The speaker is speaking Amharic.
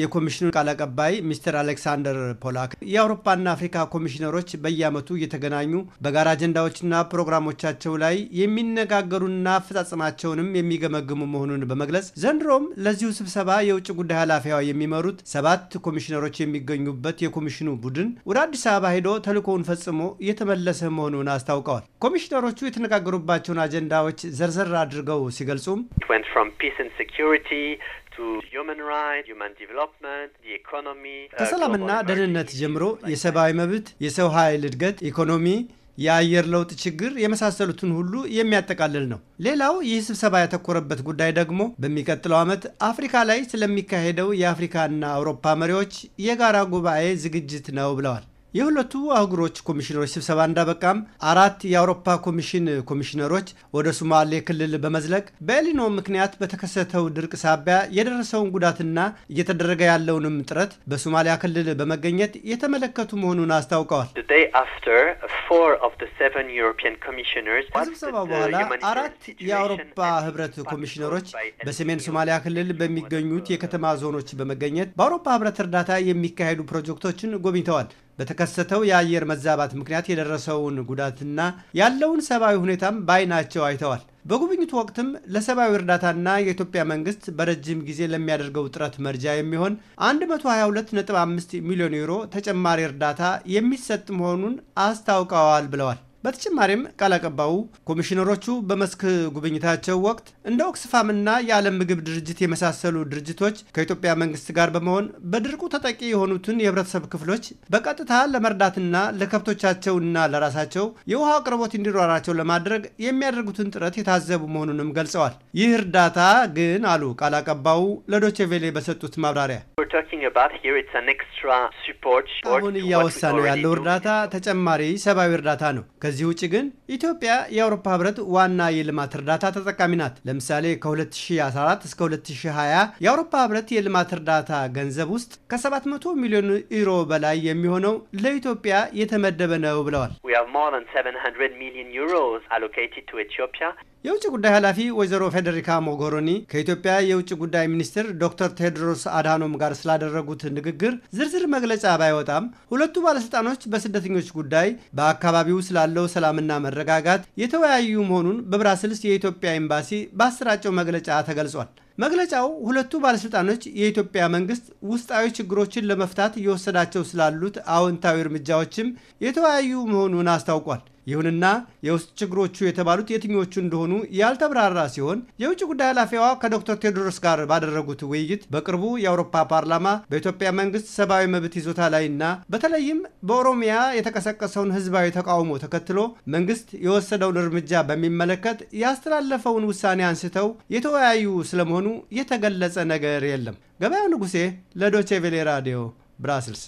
የኮሚሽኑ ቃል አቀባይ ሚስተር አሌክሳንደር ፖላክ የአውሮፓና አፍሪካ ኮሚሽነሮች በየዓመቱ እየተገናኙ በጋራ አጀንዳዎችና ፕሮግራሞቻቸው ላይ የሚነጋገሩና አፈጻጸማቸውንም የሚገመግሙ መሆኑን በመግለጽ ዘንድሮም ለዚሁ ስብሰባ የውጭ ጉዳይ ኃላፊዋ የሚመሩት ሰባት ኮሚሽነሮች የሚገኙበት የኮሚሽኑ ቡድን ወደ አዲስ አበባ ሄዶ ተልእኮውን ፈጽሞ እየተመለሰ መሆኑን አስታውቀዋል። ኮሚሽነሮቹ የተነጋገሩባቸውን አጀንዳዎች ዘርዘር አድርገው ሲገልጹም Uh, ከሰላምና ደህንነት ጀምሮ የሰብአዊ መብት፣ የሰው ኃይል እድገት፣ ኢኮኖሚ፣ የአየር ለውጥ ችግር የመሳሰሉትን ሁሉ የሚያጠቃልል ነው። ሌላው ይህ ስብሰባ ያተኮረበት ጉዳይ ደግሞ በሚቀጥለው ዓመት አፍሪካ ላይ ስለሚካሄደው የአፍሪካና አውሮፓ መሪዎች የጋራ ጉባኤ ዝግጅት ነው ብለዋል። የሁለቱ አህጉሮች ኮሚሽነሮች ስብሰባ እንዳበቃም አራት የአውሮፓ ኮሚሽን ኮሚሽነሮች ወደ ሶማሌ ክልል በመዝለቅ በኤሊኖ ምክንያት በተከሰተው ድርቅ ሳቢያ የደረሰውን ጉዳትና እየተደረገ ያለውንም ጥረት በሶማሊያ ክልል በመገኘት የተመለከቱ መሆኑን አስታውቀዋል። ከስብሰባው በኋላ አራት የአውሮፓ ህብረት ኮሚሽነሮች በሰሜን ሶማሊያ ክልል በሚገኙት የከተማ ዞኖች በመገኘት በአውሮፓ ህብረት እርዳታ የሚካሄዱ ፕሮጀክቶችን ጎብኝተዋል። በተከሰተው የአየር መዛባት ምክንያት የደረሰውን ጉዳትና ያለውን ሰብአዊ ሁኔታም በአይናቸው አይተዋል። በጉብኝቱ ወቅትም ለሰብአዊ እርዳታና የኢትዮጵያ መንግስት በረጅም ጊዜ ለሚያደርገው ጥረት መርጃ የሚሆን 122.5 ሚሊዮን ዩሮ ተጨማሪ እርዳታ የሚሰጥ መሆኑን አስታውቀዋል ብለዋል። በተጨማሪም ቃል አቀባዩ ኮሚሽነሮቹ በመስክ ጉብኝታቸው ወቅት እንደ ኦክስፋምና የዓለም ምግብ ድርጅት የመሳሰሉ ድርጅቶች ከኢትዮጵያ መንግስት ጋር በመሆን በድርቁ ተጠቂ የሆኑትን የህብረተሰብ ክፍሎች በቀጥታ ለመርዳትና ለከብቶቻቸውና ለራሳቸው የውሃ አቅርቦት እንዲሯራቸው ለማድረግ የሚያደርጉትን ጥረት የታዘቡ መሆኑንም ገልጸዋል። ይህ እርዳታ ግን አሉ ቃል አቀባዩ ለዶቼ ቬሌ በሰጡት ማብራሪያ አሁን እያወሳ ያለው እርዳታ ተጨማሪ ሰብአዊ እርዳታ ነው። ከዚህ ውጭ ግን ኢትዮጵያ የአውሮፓ ህብረት ዋና የልማት እርዳታ ተጠቃሚ ናት። ለምሳሌ ከ2014 እስከ 2020 የአውሮፓ ህብረት የልማት እርዳታ ገንዘብ ውስጥ ከ700 ሚሊዮን ዩሮ በላይ የሚሆነው ለኢትዮጵያ የተመደበ ነው ብለዋል። የውጭ ጉዳይ ኃላፊ ወይዘሮ ፌዴሪካ ሞጎሮኒ ከኢትዮጵያ የውጭ ጉዳይ ሚኒስትር ዶክተር ቴዎድሮስ አድሃኖም ጋር ስላደረጉት ንግግር ዝርዝር መግለጫ ባይወጣም ሁለቱ ባለስልጣኖች በስደተኞች ጉዳይ በአካባቢው ስላለው ሰላምና መረጋጋት የተወያዩ መሆኑን በብራስልስ የኢትዮጵያ ኤምባሲ በአሰራጨው መግለጫ ተገልጿል። መግለጫው ሁለቱ ባለስልጣኖች የኢትዮጵያ መንግስት ውስጣዊ ችግሮችን ለመፍታት እየወሰዳቸው ስላሉት አዎንታዊ እርምጃዎችም የተወያዩ መሆኑን አስታውቋል። ይሁንና የውስጥ ችግሮቹ የተባሉት የትኞቹ እንደሆኑ ያልተብራራ ሲሆን የውጭ ጉዳይ ኃላፊዋ ከዶክተር ቴዎድሮስ ጋር ባደረጉት ውይይት በቅርቡ የአውሮፓ ፓርላማ በኢትዮጵያ መንግስት ሰብአዊ መብት ይዞታ ላይና በተለይም በኦሮሚያ የተቀሰቀሰውን ህዝባዊ ተቃውሞ ተከትሎ መንግስት የወሰደውን እርምጃ በሚመለከት ያስተላለፈውን ውሳኔ አንስተው የተወያዩ ስለመሆኑ የተገለጸ ነገር የለም። ገበያው ንጉሴ ለዶቼ ቬሌ ራዲዮ ብራስልስ